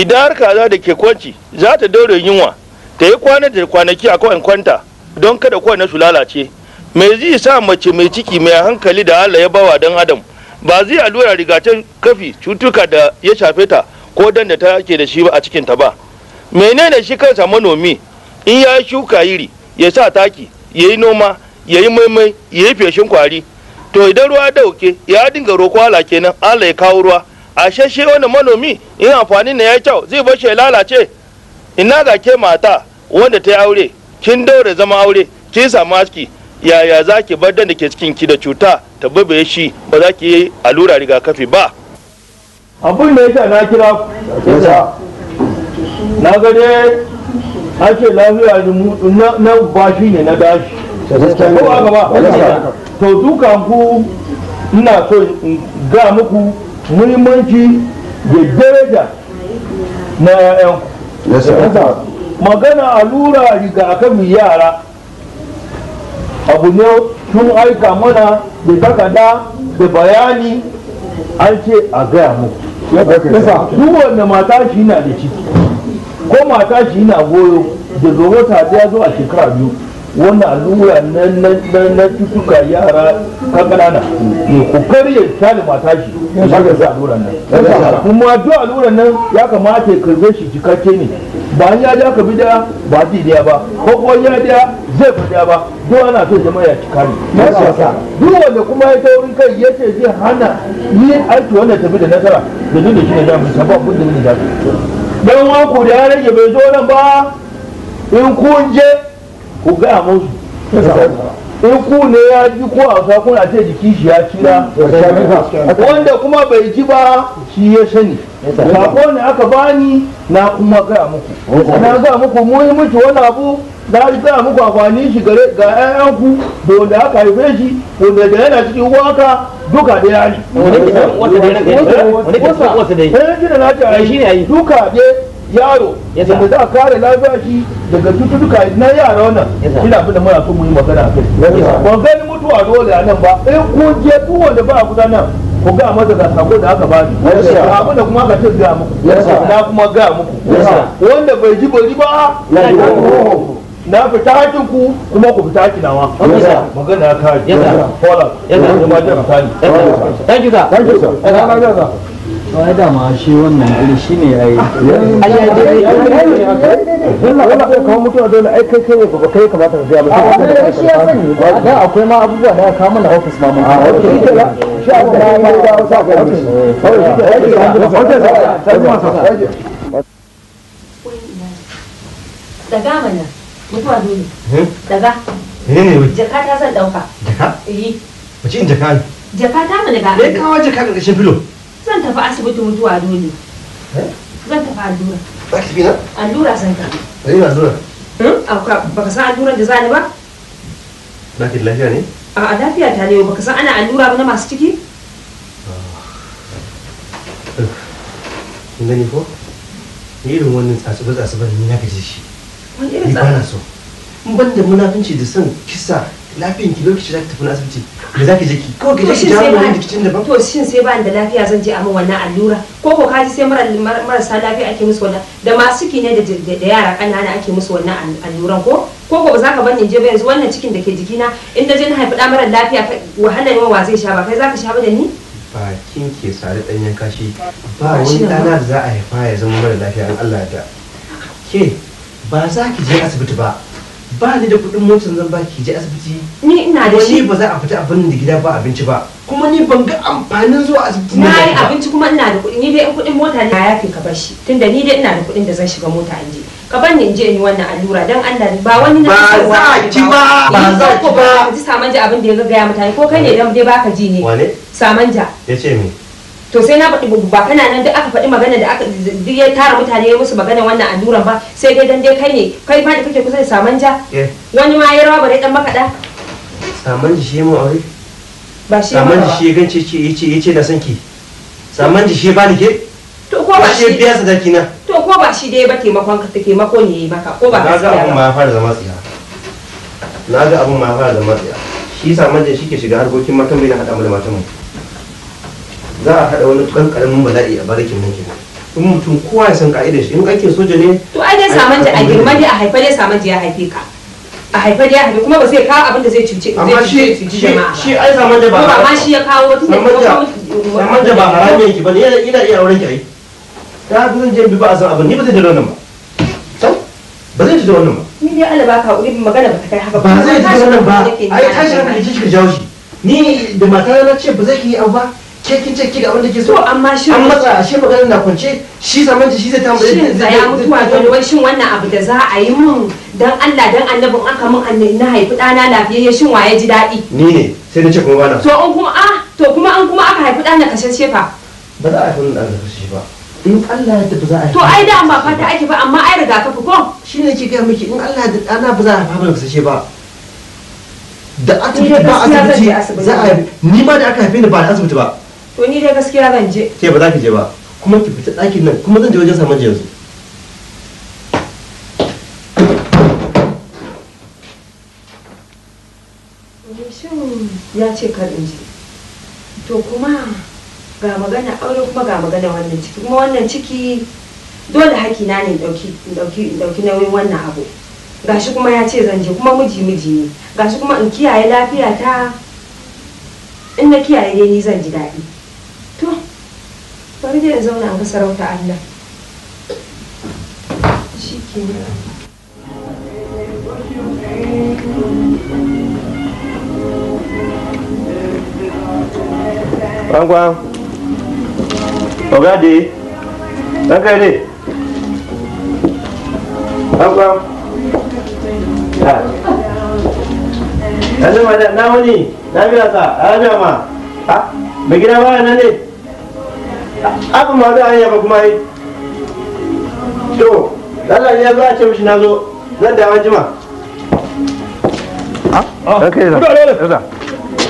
idan har kaza da ke kwanci za ta daure yunwa ta yi kwana da kwanaki a kawai kwanta don kada kwana su lalace mai zai sa mace mai ciki mai hankali da Allah ya bawa dan adam ba zai allura rigacin kafi cutuka da ya shafe ta ko dan da ta ke da shi a cikin ta ba menene shi kansa manomi in ya yi shuka iri ya sa taki ya yi noma ya yi maimai ya yi feshin kwari to idan ruwa dauke ya dinga roƙo ala kenan Allah ya kawo ruwa ashe shi wani manomi in amfani na ya yi kyau zai bashi ya lalace ina ga ke mata wanda ta yi aure kin daure zama aure kin samu aski yaya za ki bar da ke cikin ki da cuta ta babaye shi ba za ki yi allura rigakafi ba abun da yasa na kira na ga dai ake lafiya na bashi ne na dashi ko gaba to dukan ku ina so in ga muku muhimmanci da daraja na 'ya'yan magana allura rigakafin yara abu ne sun aika mana da takada da bayani an ce a gaya mu kowanne mata shi na da ciki ko mata shi na goyo daga wata ya zo a shekara biyu wannan allura na cutuka yara kankanana ne kari ya tsali mata shi ya shaka su alluran nan kuma duk allura nan ya kamata ya karbe shi cikakke ne ba ya ja ka bida ba ji daya ba ko ko ya daya zai da ba duk ana so jama'a ya cika ne duk wanda kuma ya ta wurin kai ya ce zai hana ni aiki wanda bi da nasara da dole da shi na jami'in sabon kundin da zafi dan wanku da ya rage bai zo nan ba in kun je ku gaya musu in ku ne ya ji ko a kuna ce jiki shi ya kira wanda kuma bai ji ba shi ya sani sako ne aka bani na muku na gaya muku muyi miki wani abu na muku amfani shi gare ga 'ya'yanku da wanda aka haife shi wanda da yana cikin waka duka da ya ne wata da ya duka yaro yadda za a kare lafiya shi daga cututtuka na yara wannan ina na da muna so yi magana a kai ba gani mutuwa dole a nan ba in kun je duk ba a kusa nan ku ga masa ga sako da aka bani abin da kuma aka ce ga muku na kuma ga muku wanda bai ji bari ba na fita hakin ku kuma ku fita hakin nawa magana ya kare hola ya ma jira thank you sir thank you sir ba da shi wannan guri shi ne ya yi Allah ya yi wannan kawo dole ai kai kai ba kai kamata ka ga ba da akwai ma abubuwa da ka mana office ma mun a ah, office shi ba shi ba ya sa ga daga mana mutuwa dole eh? daga eh jaka ta san dauka jaka eh wace in jaka jaka ta mana ga eh kawo jaka ga filo zan tafi asibiti mutuwa dole eh? zan tafi allura ba ki na allura zan tafi ba ni allura hmm? baka san alluran da za ni ba na ki lafiya ne a lafiya ta ne baka san ana allura ba na masu ciki ah, gani ko ni irin wannan tsatsuba tsatsuba ne na gaji shi wani irin tsatsuba ban da munafinci da son kisa lafiyan ki lokaci za ki tafi na asibiti da za ki je ki Ko ki je ki jawo wani rikicin daban to shin sai ba da lafiya zan je a min wannan allura ko ko kaji sai marasa lafiya ake musu wannan da masu ki ne da yara kanana ake musu wannan alluran ko ko ko ba za ka bani je ba yanzu wannan cikin da ke jikina in da je na haifi da mara lafiya wahalar yawan wa zai sha ba kai za ka sha ba da ni kin ke sare danyen kashi ba wani dana da za a haifa ya zama mara lafiya an Allah da ke ba za ki je asibiti ba ba ni da kuɗin motar zan ba ki je asibiti ni ina da shi ba za a fita abin da gida ba abinci ba kuma ni ban ga amfanin zuwa asibiti na yi abinci kuma ina da kuɗi ni dai in kuɗin mota ne ya fi ka bashi tunda ni dai ina da kuɗin da zan shiga mota in je ka bar ni in je ni wannan allura dan Allah ba wani na ba za ki ba ba za ki ba ji samanja abin da ya ga ya mutane ko kai ne eh. dan dai baka ji ne wane samanja yace me to sai na faɗi ba kana nan duk aka faɗi magana da aka duk ya tara mutane ya musu magana wannan alluran ba sai dai dan dai kai ne kai fa da kake kusa da samanja eh. wani ma ya rawa bare dan makaɗa samanja shi mu aure ba shi samanja shi gance ce yace yace na sanki ki samanja shi ba ni ke to ko ba shi biya sadaki na to ko ba shi dai ba taimakon ka taimako ne yayi maka ko ba ka ga abun ma ya fara zama tsiya na ga abun ma ya fara zama tsiya shi samanja shi ke shiga harkokin matan bai na hada mu da matan mu za a haɗa wani ɗan ƙaramin bala'i a barikin nan kenan in mutum kowa ya san ka'idar shi in aikin soja ne to ai dai saman a girma dai a haifa dai saman ya haife ka a haifa dai ya haife kuma ba zai kawo abin da zai cuce amma shi shi ai saman da ba ba amma shi ya kawo tun da saman da ba haramun yake ba ne ina iya auren ki ai ta zan je bi ba a san abin ni ba zai da wannan ba ba zai ji da wannan ba ni dai Allah baka wuri magana ba ta kai haka ba zai ji da ba ai tashi hankali ki ka jawo shi ni da matana na ce ba zai ki yi abu ba ke kin ce ki ga abin da ke so amma shi an matsa shi magana na kunce shi zaman shi zai tambaye shi zai ya mutu wato wai shin wannan abu da za a yi mun dan Allah dan annabin aka mun annabi na haifi dana lafiyayye shin waye ji daɗi ni ne sai na ce kuma bana to an kuma ah to kuma an kuma aka haifi dana shi fa ba za a haifi dana shi ba in Allah ya tafi za a haifi to ai da ba fata ake ba amma ai rigakafi ko ne ke ga miki in Allah ya dana ba za a haifi dana kashashe ba da asibiti ba asibiti za a ni ma da aka haife ni ba da asibiti ba to dai gaskiya zan je ke ba za ki je ba kuma ki fita ɗakin nan kuma zan je wajen samun yanzu shin ya ce kar in je to kuma ga magana aure kuma ga magana wannan ciki kuma wannan ciki dole hakina ne in ɗauki nauyin wannan abu gashi kuma ya ce zan je kuma miji miji ne gashi kuma in kiyaye lafiya ta in na kiyaye ni zan ji daɗi bari dai zauna a sarauta Allah shi ke Gwangwan, Ogade, ɗan ne? Gwangwan, ya. Yanzu ma na wani, na biya sa, a biya ma. Ha? Mai gida baya nan ne? abu ma za a yi ba kuma yi to lallan ya zo a ce mishi na zo zan da an jima ah, ah, ok da da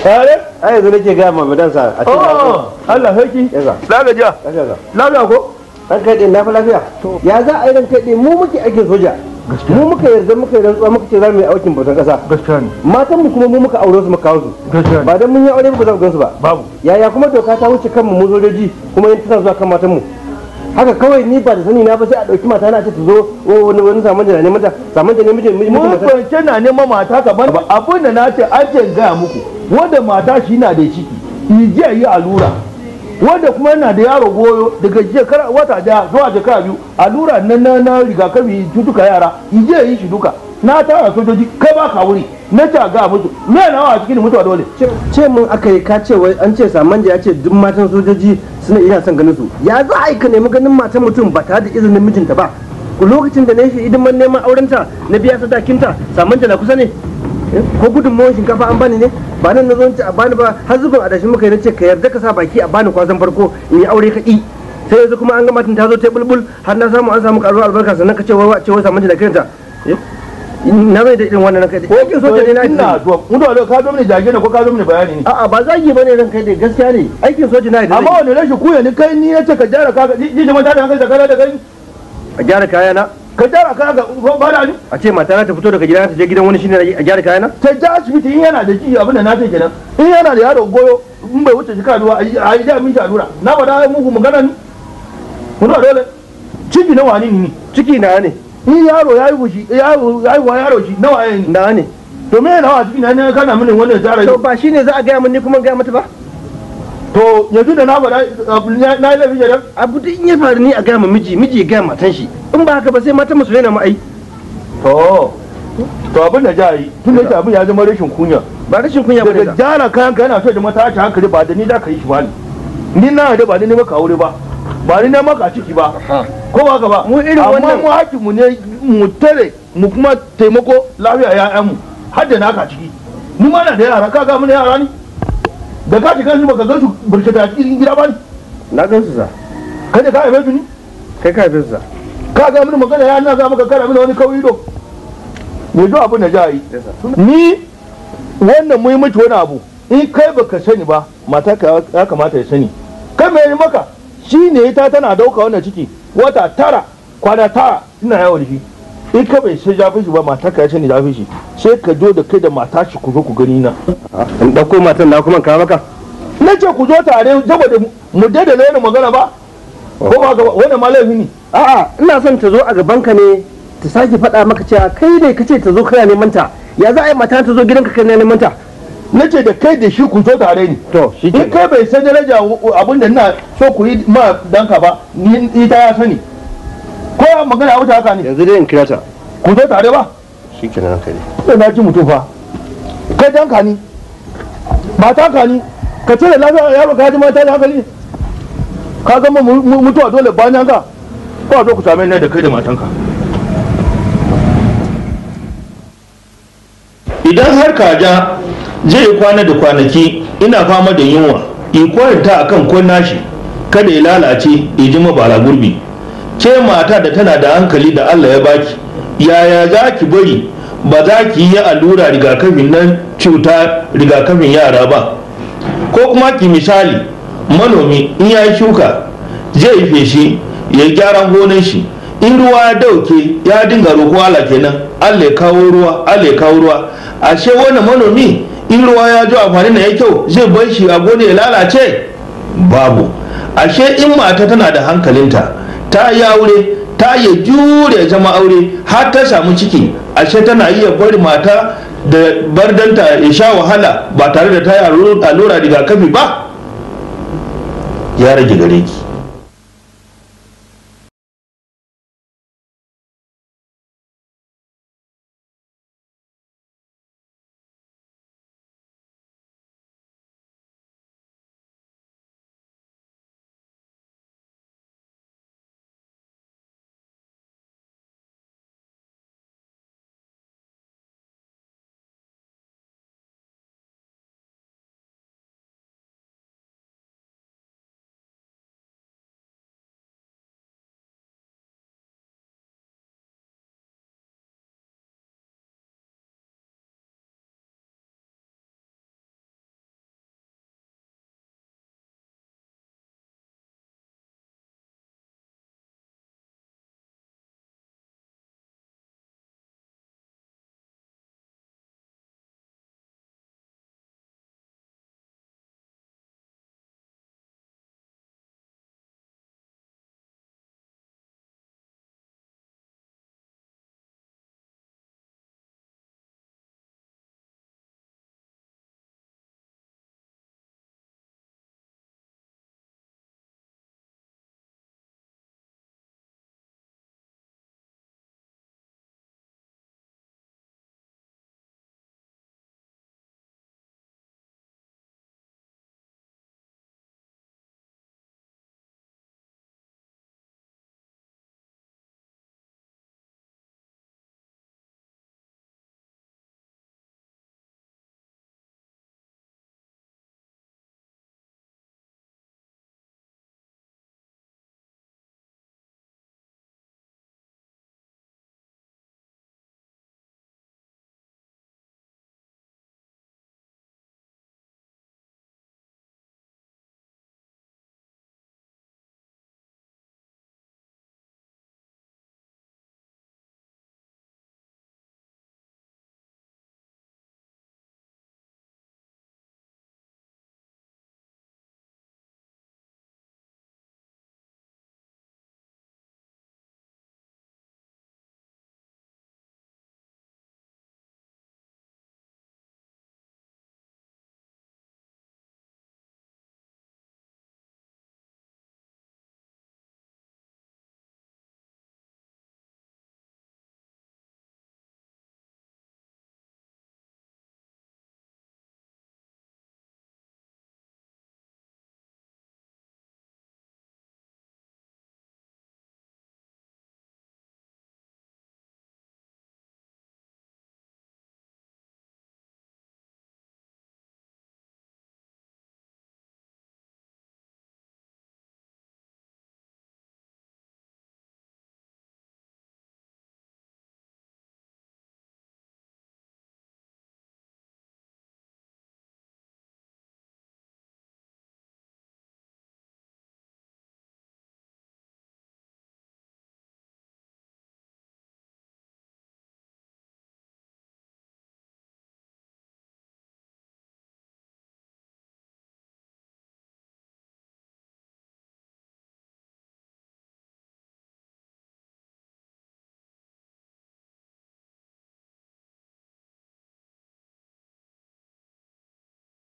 tare ai yanzu nake ga ma bidan sa a cikin oh, Allah sarki lalaja lalaja ko dan kai din lafiya ya za a yi dan kai din mu muke ake soja mu muka yarda muka yi rantsuwa muka ce za mu yi aikin bautan kasa gaskiya ne matan mu kuma mu muka aure su muka kawo su gaskiya ba dan mun yi aure ba za mu gansu ba babu yaya kuma doka ta wuce kanmu mu zo daji kuma yin tana zuwa kan matan mu haka kawai ni ba da sani na ba sai a dauki mata na ce ta zo wani wani saman da ne mata saman da ne miji miji mun kwance na neman mata kaman abin da na ce an ce ga muku wanda mata shi na da ciki yi je yi allura wanda kuma yana da yaro goyo daga shekara wata daya zuwa shekara biyu allura na na na rigakafi cutuka yara ije yi shi duka na tara sojoji kai ba ka wuri na ta ga mutu me na a cikin mutuwa dole ce mun aka yi ka ce wai an ce saman ya ce duk matan sojoji suna ina son ganin su ya za a yi ka nemi ganin matan mutum ba tare da izinin mijinta ba lokacin da na yi hidiman neman aurenta na biya sadakinta saman na kusa ne Eh, ko gudunmawar shinkafa an bani ne ba nan na zo a bani ba har zubin adashin muka yi na ce ka yarda ka sa baki a bani kwazan farko in yi aure ka ɗi sai yanzu kuma an gama tun ta zo ta bulbul har na samu an samu karuwar albarka sannan ka ce wai ce wai samu da kanta eh, na zai da irin wannan kai ko kin so ta ne na ina to mun dole ka zo mini jage ne ko ka zo mini bayani ne a'a ba zagi bane ran kai dai gaskiya ne aikin soji na da amma wani rashin kuya ni kai ni ce ka jara ka ji da mata da hankali da kai da kai a gyara kayana na ka gyara ka ga da ni a ce mata ta fito daga gida ta je gidan wani shine a gyara kaya na ta ja asibiti in yana da ji abin da na ce kenan in yana da yaro goyo in bai wuce shekara duwa a yi da miji allura na ba da muku magana ni mun da dole ciki na wani ne ciki na ne in yaro yayi gushi yaro yi wa yaro shi nawa ne na ne to me nawa ciki na ne kana mini wannan tsara to ba shine za a ga mun ni kuma ga mata ba to yanzu da na faɗa na yi laifin kenan abu duk in ya faru ni a gama ma miji miji ya gaya matan shi in ba haka ba sai matan musu yana ma'ai to to abin da jayi tun da abin ya zama rashin kunya ba rashin kunya ba da jara kayan ka yana so da mata ta hankali ba da ni da ka yi shi ba ni na da ba ni ne maka aure ba ba ni ne maka ciki ba ko ba ka ba mu irin wannan amma mu haƙi mu ne mu tare mu kuma taimako lafiya ya'yanmu har da naka ciki mu ma na da yara ka ga mu ne yara ne da ka shiga ba ka gan su barkata a cikin gida ba ne na gan su sa kai ne ka haife su ne kai ka haife su sa ka ga mini magana ya na za maka kara mini wani kawai do me zo abu na jayi ni wannan muhimmanci wani abu in kai baka sani ba mata ka ya kamata ya sani kai mai maka shi ne ta tana dauka wannan ciki wata tara kwana tara ina yawon shi in ka bai sai jafi shi ba mata ka ce ni jafi shi sai ka jo da kai da mata shi ku zo ku gani na in dauko matan na kuma ka maka na ce ku zo tare saboda mu da wani magana ba ko ba ga wani malami ne a'a ina son ta zo a gaban ka ne ta sake faɗa maka cewa kai ne kace ta zo kana neman ta ya za a yi mata ta zo gidanka kana neman ta na ce da kai da shi ku zo tare ni to shi kai bai san daraja abin da ina so ku yi ma danka ba ni ita ya sani ko ya magana a wuce haka ne yanzu dai in kira ta ku je tare ba shi ke nan kai ne na ji mutum fa kai dan ka ni ba ta ka ni ka ce da lafiya yaro ka ji mata da hankali ka ga mutuwa dole bayan ka ko zo ku same ni da kai da matanka idan har kaja zai kwana da kwanaki ina fama da yunwa in kwaranta akan ko shi kada ya lalace ya ji mabara gurbi ke mata da tana da hankali da Allah ya baki yaya za ki bari ba za ki yi allura rigakafin nan cuta rigakafin yara ba ko kuma ki misali manomi in ya yi shuka zai feshi ya yi gyaran gonan shi in ruwa ya dauke ya dinga roƙo ala kenan Allah ya kawo ruwa Allah ya kawo ruwa ashe wannan manomi in ruwa ya zo amfani na ya kyau zai bar shi a gona ya lalace babu ashe in mata tana da hankalinta ta yi aure ta yi jure zama aure har ta samu ciki ashe tana iya bari mata da bardanta ya sha wahala ba tare da ta yi allura rigakafi ba ya rage gare ki